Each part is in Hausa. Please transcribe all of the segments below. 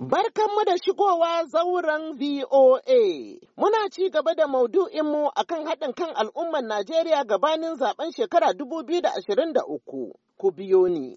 mu da shigowa zauren VOA. Muna ci gaba da maudu'inmu a kan haɗin kan al'ummar Najeriya gabanin zaben shekara 2023. Ku biyo ni.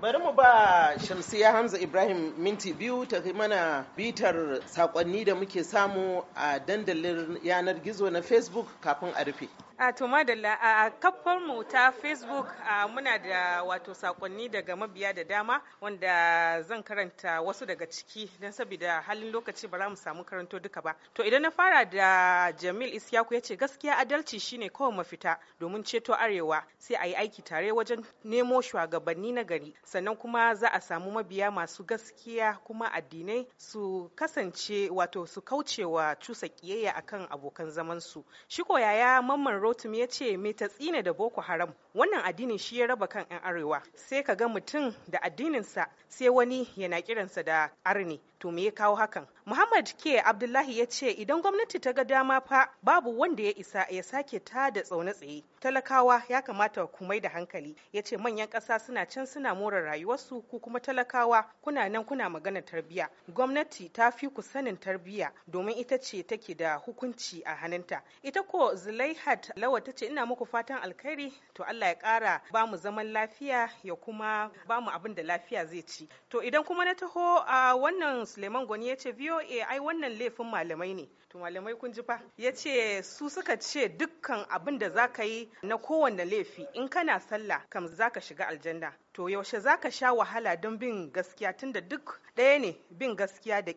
Bari mu ba Shamsiya Hamza Ibrahim minti biyu ta mana bitar sakonni da muke samu a dandalin yanar gizo na Facebook kafin a rufe. A to madalla a kafar mu ta Facebook muna da wato sakonni daga mabiya da dama wanda zan karanta wasu daga ciki don saboda halin lokaci ba za mu samu karanto duka ba. To idan na fara da Jamil Isyaku ya ce gaskiya adalci shine kawai mafita domin ceto arewa sai a yi aiki tare wajen nemo shugabanni na gari sannan kuma za a samu mabiya masu gaskiya kuma addinai su kasance wato su kaucewa cusa kiyayya akan abokan zaman su. Shiko yaya mamman Rotimi ya ce mai tsine da Boko Haram wannan addinin shi ya raba kan 'yan arewa sai ka ga mutum da addininsa sai wani yana kiransa da arni to me ya kawo hakan muhammad ke abdullahi ya ce idan gwamnati ta ga dama fa babu wanda ya isa ya sake ta da tsaune tsaye talakawa ya kamata ku mai da hankali ya ce manyan ƙasa suna can suna more rayuwarsu ku kuma talakawa kuna nan kuna magana tarbiya gwamnati ta fi ku sanin tarbiya domin ita ce take da hukunci a hannunta ita ko zulaihat lawa ta ce ina muku fatan alkhairi to allah ya kara ba mu zaman lafiya ya kuma ba mu abin da lafiya zai ci to idan kuma na taho a wannan Suleiman Gwani ya ce VOA ai wannan laifin malamai ne. To malamai kun ji fa? Ya ce su suka ce dukkan abin da za ka yi na kowane laifi in kana sallah kam za ka shiga aljanna. to yaushe za ka sha wahala don bin gaskiya tun da duk ɗaya ne bin gaskiya da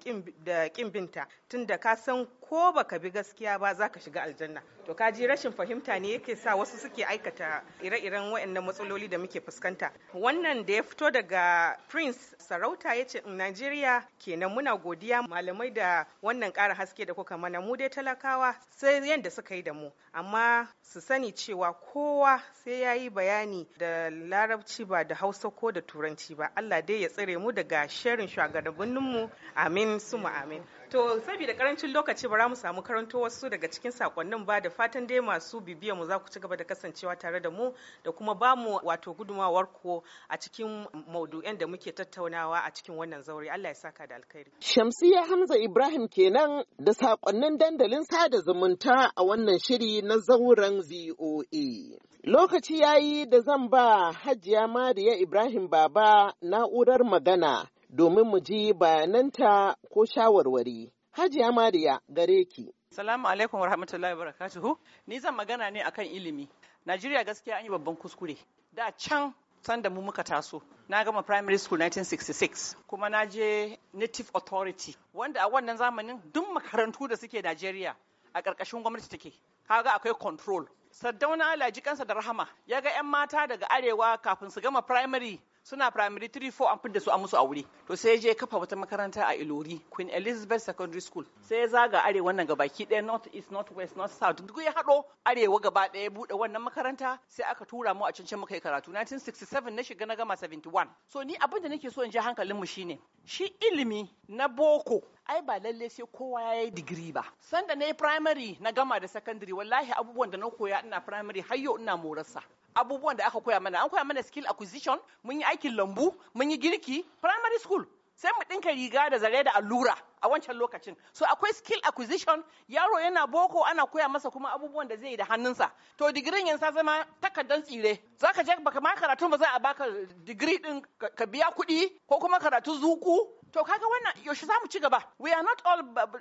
ƙin binta da ka san ko baka bi gaskiya ba za ka shiga aljanna to ka ji rashin fahimta ne yake sa wasu suke aikata ire-iren waɗannan matsaloli da muke fuskanta wannan da ya fito daga prince sarauta ya ce najeriya kenan muna godiya malamai da wannan ƙara haske da kuka mana mu dai talakawa sai yadda suka yi da mu amma su sani cewa kowa sai ya yi bayani da larabci ba da hausa ko da turanci ba allah dai ya tsire mu daga sharin shugabanninmu amin mu amin To saboda karancin lokaci bara mu samu karanto wasu daga cikin sakonnin ba da fatan dai masu bibiya mu za ku ci gaba da kasancewa tare da mu da kuma ba mu wato gudumawar ku a cikin maudu'in da muke tattaunawa a cikin wannan zauri Allah ya saka da alkhairi. Shamsiya Hamza Ibrahim kenan da sakonnin dandalin sada zumunta a wannan shiri na zauren VOA. Lokaci yayi da zan ba Hajiya Mariya Ibrahim Baba na'urar magana. domin mu ji bayananta ko shawarwari. Hajiya Mariya gare ki. Salamu alaikum wa rahmatullahi barakatuhu. Ni zan magana ne akan ilimi. Najeriya gaskiya an yi babban kuskure. Da can sanda mu muka taso. Na gama primary school 1966 kuma na je native authority wanda a wannan zamanin duk makarantu da suke Najeriya a ƙarƙashin gwamnati take. Kaga akwai control. Saddauna Alhaji kansa da rahama ya ga 'yan mata daga arewa kafin su gama primary suna primary 3 4 an fidda su a musu aure to sai ya je kafa wata makaranta a Ilori Queen Elizabeth Secondary School sai ya zaga arewa nan gabaki ɗaya north east north west north south duk ya haɗo arewa gaba ɗaya buɗe wannan makaranta sai aka tura mu a cancan muka yi karatu 1967 na shiga na gama 71 so ni abin da nake so in ji hankalin mu shine shi ilimi na boko ai ba lalle sai kowa ya yi digiri ba sanda na yi primary na gama da secondary wallahi abubuwan da na koya ina primary har yau ina morarsa abubuwan da aka koya mana an koya mana skill acquisition mun yi aikin lambu mun yi girki primary school sai mu ɗinka riga da zare da allura a wancan lokacin so akwai skill acquisition yaro yana boko ana koya masa kuma abubuwan da zai yi da hannunsa to digirin yanzu zama takardar tsire zaka je baka ma karatu ba za a baka digiri din ka biya kuɗi ko kuma karatu zuku To kaga wannan yaushe za mu ci gaba. We are not all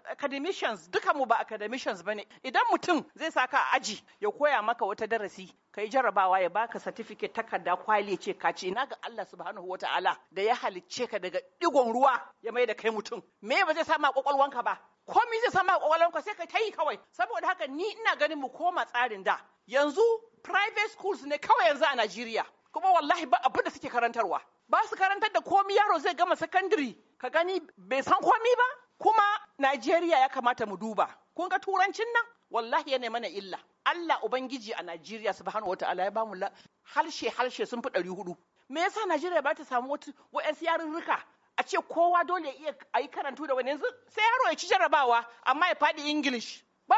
academicians duka mu ba academicians bane. Idan mutum zai saka a aji ya koya maka wata darasi ka yi jarabawa ya baka certificate takarda kwali ce ka ce ina ga Allah subhanahu wataala da ya halicce ka daga digon ruwa ya mai da kai mutum. Me ba zai sama kwakwalwanka ba? Ko Komi zai sama kwakwalwanka sai ka tayi kawai. Saboda haka ni ina ganin mu koma tsarin da. Yanzu private schools ne kawai yanzu a Najeriya. Kuma wallahi ba abin da suke karantarwa. Ba su karantar da komi yaro zai gama secondary ka gani bai san komi ba kuma najeriya ya kamata mu duba kun ga turancin nan wallahi yana mana illa allah ubangiji a najeriya subhanahu wataala ya bamu harshe harshe sun fi ɗari hudu me yasa najeriya ba ta samu wa'yansu yarurruka a ce kowa dole ya iya a yi karantu da wani yanzu? sai yaro ya ci jarabawa amma ya faɗi english ba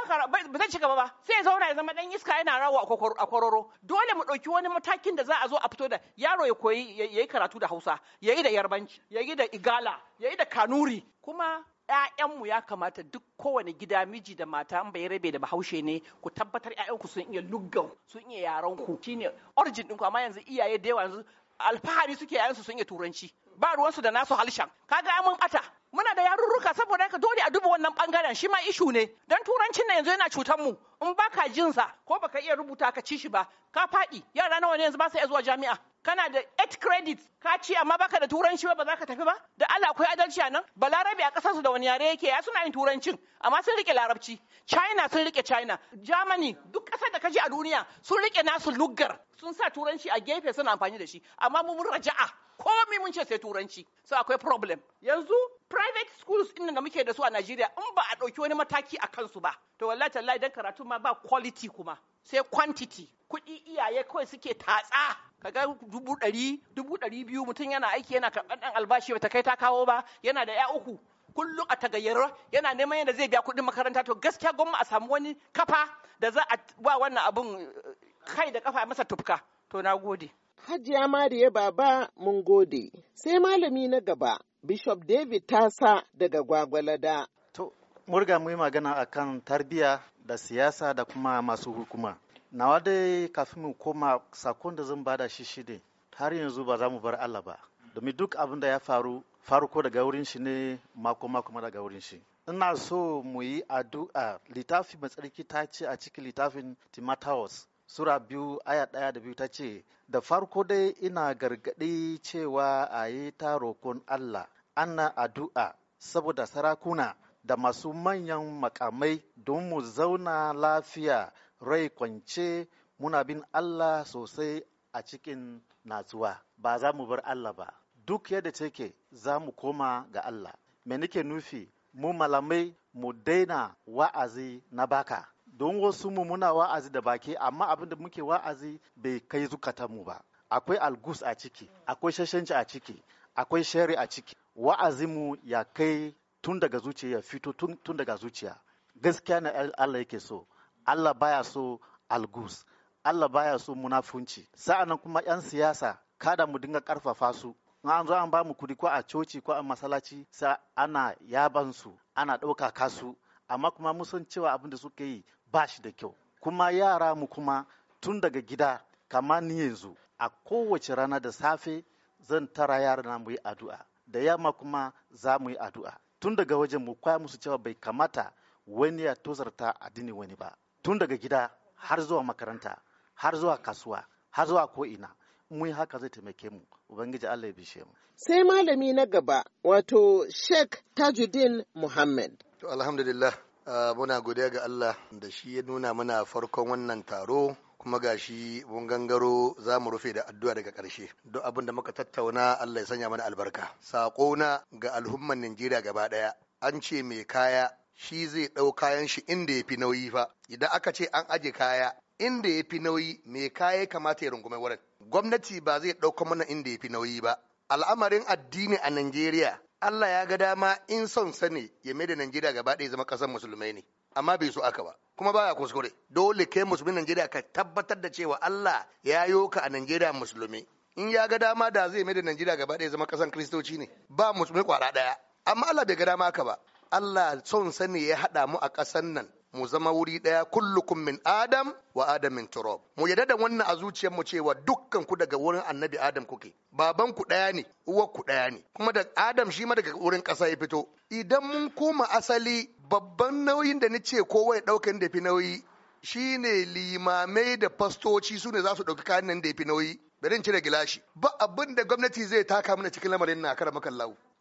zai ci gaba ba sai ya zauna ya zama dan iska yana rawa a kwararo dole mu ɗauki wani matakin da za a zo a fito da yaro ya koyi ya yi karatu da hausa ya yi da yarbanci ya yi da igala ya yi da kanuri kuma ‘ya'yanmu ya kamata duk kowane gida miji da mata an bai rabe da bahaushe ne ku tabbatar ‘ya'yanku sun iya luggan sun iya ku. Ki ne orijin ɗinku amma yanzu iyaye da yawa yanzu alfahari suke ‘ya'yansu sun iya turanci ba ruwansu da nasu halshen kaga mun ɓata. muna da yarurruka saboda ka dole a duba wannan bangaren shi ma ishu ne don turancin na yanzu yana cutar mu in baka jin sa ko baka iya rubuta ka ci shi ba ka faɗi yara nawa ne yanzu ba su iya zuwa jami'a kana da 8 credits ka ci amma baka da turanci ba za ka tafi ba da Allah akwai adalci a nan balarabe a kasarsu da wani yare yake ya suna yin turancin amma sun rike larabci china sun rike china germany duk kasar da ka ji a duniya sun rike nasu luggar sun sa turanci a gefe suna amfani da shi amma mu mun raja'a komai mun ce sai turanci so akwai problem yanzu private schools din da muke da su a Najeriya in ba a ɗauki wani mataki a kansu ba to wallahi tallahi dan karatu ma ba quality kuma sai quantity kuɗi iyaye kawai suke tatsa kaga dubu ɗari dubu ɗari biyu mutum yana aiki yana karɓar ɗan albashi ba ta kai ta kawo ba yana da ya uku kullum a tagayyar yana neman yadda zai biya kuɗin makaranta to gaskiya gwamma a samu wani kafa da za a ba wannan abun eh, kai da kafa masa tufka to na gode. Hajiya Mariya Baba mun gode. Sai malami na gaba Bishop David Tasa daga Gwagwalada. To, murga mu yi magana kan tarbiyya da siyasa da kuma masu hukuma. Nawa dai kafin mu koma sakon da zan bada shi shi ne, har yanzu ba za mu bar Allah ba. Domin duk abin da ya faru, faruko daga wurin shi ne mako mako ma daga wurin shi. Ina so mu yi addu'a littafi mai tsarki ta ce a cikin littafin Timotheus Sura biyu aya ɗaya da biyu ta ce, Da farko dai ina gargaɗi cewa a yi ta roƙon Allah ana addu'a saboda sarakuna da masu manyan makamai don mu zauna lafiya rai kwance muna bin Allah sosai a cikin natsuwa ba za mu bar Allah ba duk yadda take za mu koma ga Allah me nake nufi mu malamai mu daina wa'azi na baka don wasu mu muna wa'azi da baki amma abin da muke wa'azi bai kai zukatan ba akwai algus a ciki akwai shashanci a ciki akwai shari a ciki wa'azinmu ya kai tun daga zuciya ya fito tun daga zuciya gaskiya na Allah yake so Allah baya so algus Allah baya so munafunci sa'annan kuma 'yan siyasa kada mu dinga karfafa su an zo an ba mu kudi ko a coci ko a masallaci sa ana yaban ana ɗaukaka su amma kuma musan cewa abin da suka yi ba shi da kyau kuma yara mu kuma tun daga gida kamar ni yanzu a kowace rana da safe zan tara yara na mu yi addu'a da yamma kuma za mu yi addu'a tun daga wajen mu kwaya musu cewa bai kamata wani ya tozarta addini wani ba tun daga gida har zuwa makaranta har zuwa kasuwa har zuwa ko'ina mun haka zai taimake mu ubangiji allah ya bishe mu sai malami na gaba wato sheikh tajuddin muhammad to alhamdulillah ah, muna godiya ga allah da shi ya nuna mana farkon wannan taro kuma gashi mun gangaro za mu rufe da addu'a daga ƙarshe don abin da muka tattauna Allah ya sanya mana albarka saƙo na ga al'umman Najeriya gaba ɗaya an ce mai kaya shi zai ɗau kayan shi inda ya fi nauyi fa idan aka ce an aje kaya inda ya fi nauyi mai kaya kamata ya rungume wurin gwamnati ba zai ɗauka mana inda ya fi nauyi ba al'amarin addini a Najeriya Allah ya ga dama in son sani ya mai da Najeriya gaba ɗaya zama ƙasar musulmai ne amma bai so aka ba kuma baya kuskure dole kai musulmin Najeriya ka tabbatar da cewa Allah ya yo ka a Najeriya musulmi in ya ga dama da zai mai da Najeriya gaba ɗaya zama ƙasar kiristoci ne ba musulmi kwara ɗaya amma Allah bai ga dama aka ba Allah son sani ya haɗa mu a ƙasar nan mu zama wuri ɗaya kullukum min adam wa adam min turab mu yadda da wannan a zuciyar mu cewa dukkan ku daga wurin annabi adam kuke baban ku ɗaya ne uwar ku ɗaya ne kuma da adam shi ma daga wurin ƙasa ya fito idan mun koma asali babban nauyin da nace kowa ya ɗaukan da fi nauyi shine limamai da fastoci su ne za su ɗauki kayan nan da ya fi nauyi bari cire gilashi ba abin da gwamnati zai taka mana cikin lamarin na kara maka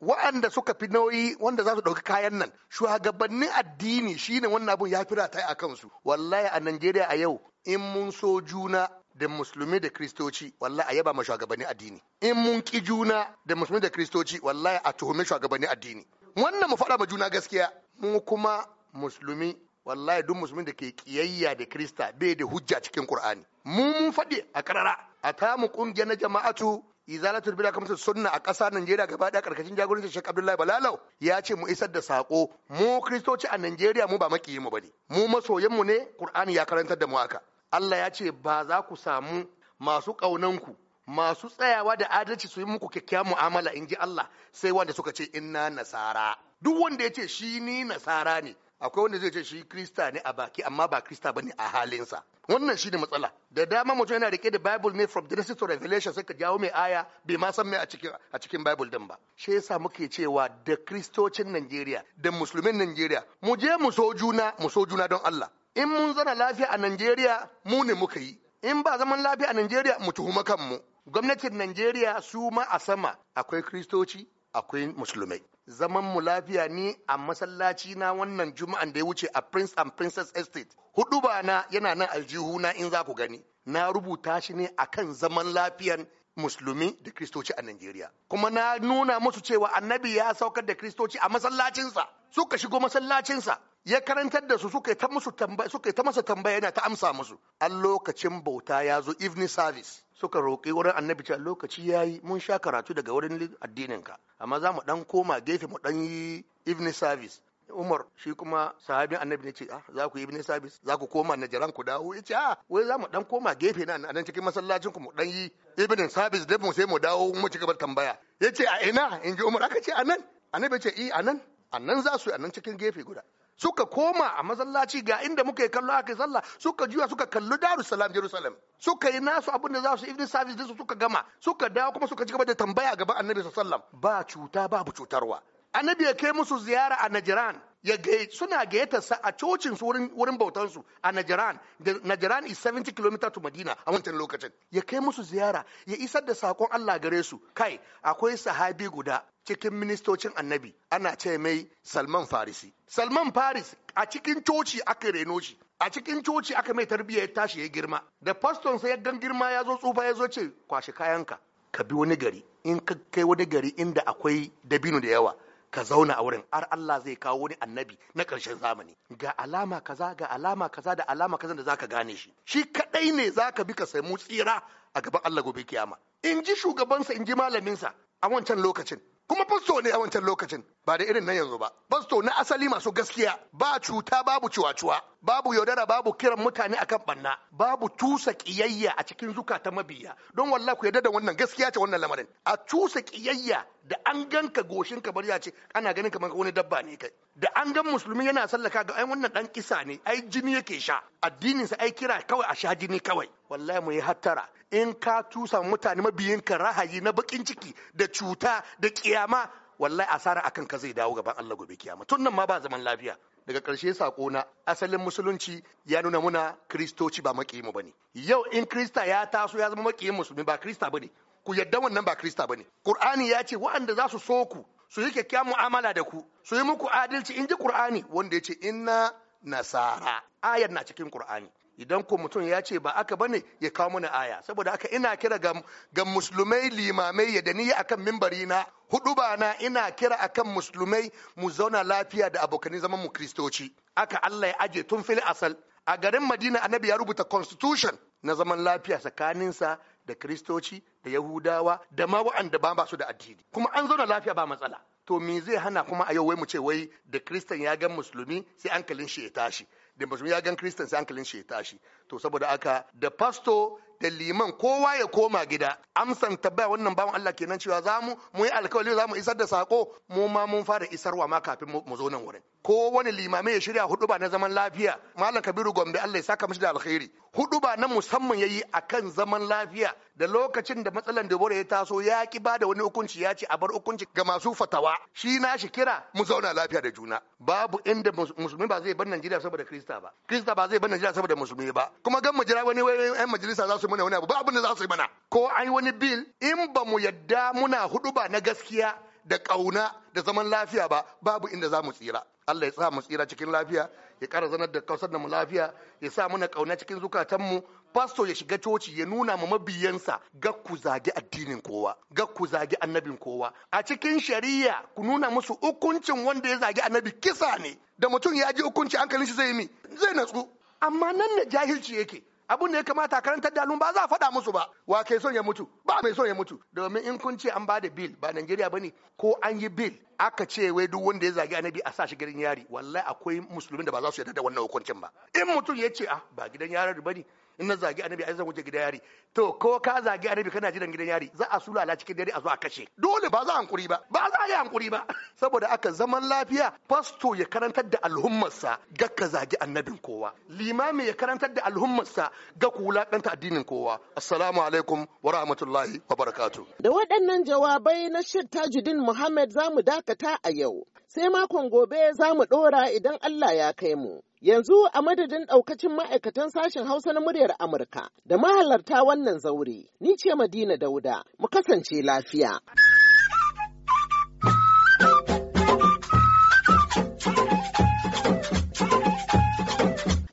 wa'anda suka fi nauyi wanda za su ɗauki kayan nan shugabannin addini shine wannan abun ya fira ta a kansu wallahi a Najeriya a yau in mun so juna da musulmi da kristoci wallahi a yaba ma shugabannin addini in mun ki juna da musulmi da kristoci wallahi a tuhume shugabannin addini wannan mu faɗa ma juna gaskiya mu kuma musulmi wallahi duk musulmin da ke kiyayya da krista bai da hujja cikin qur'ani mu mun faɗi a karara a ta mu ƙungiyar na jama'atu izalatul bid'a kamsa sunna a ƙasar Najeriya gaba ɗaya karkashin jagorancin Sheikh Abdullahi Balalau ya ce mu isar da sako mu kristoci a Najeriya mu ba makiyi mu bane mu masoyan mu ne Qur'ani ya karantar da mu haka Allah ya ce ba za ku samu masu ƙaunanku masu tsayawa da adalci su yi muku kyakkyawan mu'amala in ji Allah sai wanda suka ce inna nasara duk wanda ya ce shi ni nasara ne akwai wanda zai ce shi krista ne a baki amma ba krista bane a halinsa wannan shi ne matsala da dama mutum yana rike da bible ne from genesis to revelation sai ka jawo mai aya bai ma san mai a cikin a cikin bible din ba shi yasa muke cewa da kristocin Najeriya da musulmin Najeriya mu je mu so juna mu so juna don Allah in mun zana lafiya a Najeriya mu ne muka yi in ba zaman lafiya a Najeriya mu tuhuma kanmu gwamnatin Najeriya su ma a sama akwai kristoci akwai musulmai zaman mu lafiya ni a masallaci na wannan juma'an da ya wuce a prince and princess estate hudu ba na yana nan aljihu na in za ku gani na rubuta shi ne akan zaman lafiyan musulmi da kristoci a Najeriya. Kuma na nuna musu cewa annabi ya saukar da kristoci a masallacinsa, suka shigo masallacinsa, ya karantar da su suka ta musu tambaya suka ta masa tambaya yana ta amsa musu a lokacin bauta ya zo evening service suka roƙi wurin annabi cewa lokaci yayi mun sha karatu daga wurin addinin ka amma za mu dan koma gefe mu ɗan yi evening service Umar shi kuma sahabin annabi ne ce ah, za ku yi ibn sabis za ku koma jiran ku dawo ya ce a ah, wai za mu dan koma gefe na nan cikin masallacin ku mu dan yi ibn sabis da mu sai mu dawo mu ci gaba tambaya ya ce a ina in ji Umar aka ce anan annabi ce i eh, a nan za su yi nan cikin gefe guda suka koma a masallaci ga inda muka yi kallo aka sallah suka juya suka kallo darussalam jerusalem suka yi nasu abin da za su sabis service su suka gama suka dawo kuma suka ci gaba da tambaya gaban annabi sallam ba cuta babu cutarwa annabi ya kai musu ziyara a Najran ya suna gayyatarsa a cocin su wurin bautansu bautan su a Najran Najran is 70 km to Madina a wancan lokacin ya kai musu ziyara ya isar da sakon Allah gare su kai akwai sahabi guda cikin ministocin annabi ana ce mai Salman Farisi Salman Faris a cikin coci aka reno shi a cikin coci aka mai tarbiyya ya tashi ya girma da faston sai ya gan girma ya zo tsufa ya zo ce kwashi kayanka ka bi wani gari in ka kai wani gari inda akwai dabino da yawa ka zauna a wurin 'ar Allah zai kawo wani annabi na ƙarshen zamani ga alama kaza ga alama kaza da alama kaza da za ka gane shi shi kaɗai ne zaka bi ka samu tsira a gaban Allah gobe kiyama in ji shugabansa in ji malaminsa a wancan lokacin kuma fasto ne a wancan lokacin ba da irin nan yanzu ba fasto na asali masu gaskiya ba cuta babu cuwa-cuwa babu yaudara babu kiran mutane akan banna babu tusa kiyayya a cikin zukata mabiya don wallahi ku yarda da wannan gaskiya ce wannan lamarin a tusa kiyayya da an ganka goshin ka bari ya ce ana ganin kamar wani dabba ne kai da an gan musulmi yana sallaka ga ai wannan dan kisa ne ai jini yake sha addinin sa ai kira kawai a sha jini kawai wallahi mu yi hattara in ka tusa mutane ka rahayi na bakin ciki da cuta da kiyama wallahi asara akan ka zai dawo gaban Allah gobe kiyama tun nan ma ba zaman lafiya daga ƙarshe sako na asalin musulunci ya nuna muna kristoci ba makiyin mu bane yau in krista ya taso ya zama makiyin musulmi ba krista bane ku yadda wannan ba krista bane qur'ani ya ce waɗanda za su so ku su yi kyakkyawan mu'amala da ku su yi muku adalci in ji qur'ani wanda ya ce inna nasara ayar na cikin Kur'ani. idan ko mutum ya ce ba aka bane ya kawo mana aya saboda aka ina kira ga, musulmai limamai ya dani akan mimbari na hudu ba na ina kira a kan musulmai mu zauna lafiya da abokanin zaman mu kristoci aka Allah ya aje tun fili asal a garin Madina annabi ya rubuta constitution na zaman lafiya tsakaninsa da kristoci da yahudawa da ma wa'anda ba su da addini kuma an zauna lafiya ba matsala to me zai hana kuma a yau wai mu ce wai da kristan ya ga musulmi sai an hankalin shi ya tashi da musulmi ya gan kristan sai Kalin shi ya tashi to saboda aka da pasto da liman kowa ya koma gida amsan tabbaya wannan bawan Allah kenan cewa za mu mu yi alkawari za mu isar da sako mu ma mun fara isarwa ma kafin mu zo nan wurin ko wani ya shirya hudu ba na zaman lafiya malam kabiru gombe Allah ya saka mishi da alkhairi hudu ba na musamman yayi akan zaman lafiya da lokacin da matsalan Debora ya taso ya ki ba da wani hukunci ya ce a bar hukunci ga masu fatawa shi na shi kira mu zauna lafiya da juna babu inda musulmi ba zai bar Najeriya saboda Krista ba Krista ba zai bar Najeriya saboda musulmi ba kuma gan mu jira wani wayoyin 'yan majalisa za su muna wani abu ba abin da za su yi mana ko an yi wani bil in ba mu yadda muna hudu ba na gaskiya da ƙauna da zaman lafiya ba babu inda za mu tsira Allah ya sa mu tsira cikin lafiya ya ƙara zanar da kausar da mu lafiya ya sa muna ƙauna cikin zukatan mu. Fasto ya shiga coci ya nuna ma mabiyansa ga ku zagi addinin kowa ga ku zagi annabin kowa a cikin shari'a ku nuna musu hukuncin wanda ya zagi annabi kisa ne da mutum ya ji hukunci hankalin shi zai yi mi zai natsu amma nan da jahilci yake abin da ya kamata karantar da al'umma ba za a faɗa musu ba wa ke son ya mutu ba mai son ya mutu domin in kun ce an ba da bil ba Najeriya bane ko an yi bil aka ce wai duk wanda ya zagi annabi a sashi gidan yari wallahi akwai musulmin da ba za su yarda da wannan hukuncin ba in mutum ya ce ah ba gidan yari bane in na zagi annabi a zan wuce gidan yari to ko ka zagi annabi kana jiran gidan yari za a sulala cikin dare a zo a kashe dole ba za a hankuri ba ba za a yi hankuri ba saboda aka zaman lafiya fasto ya karantar da al'ummarsa ga ka zagi annabin kowa limami ya karantar da al'ummarsa ga ku wulakanta addinin kowa assalamu alaikum wa rahmatullahi wa barakatuh da waɗannan jawabai na shir Tajudin Muhammad za mu dakata a yau sai makon gobe za mu ɗora idan Allah ya kai mu. Yanzu a madadin ɗaukacin ma'aikatan sashen Hausa na muryar Amurka da mahalarta wannan zaure, ni ce Madina Dauda, mu kasance lafiya.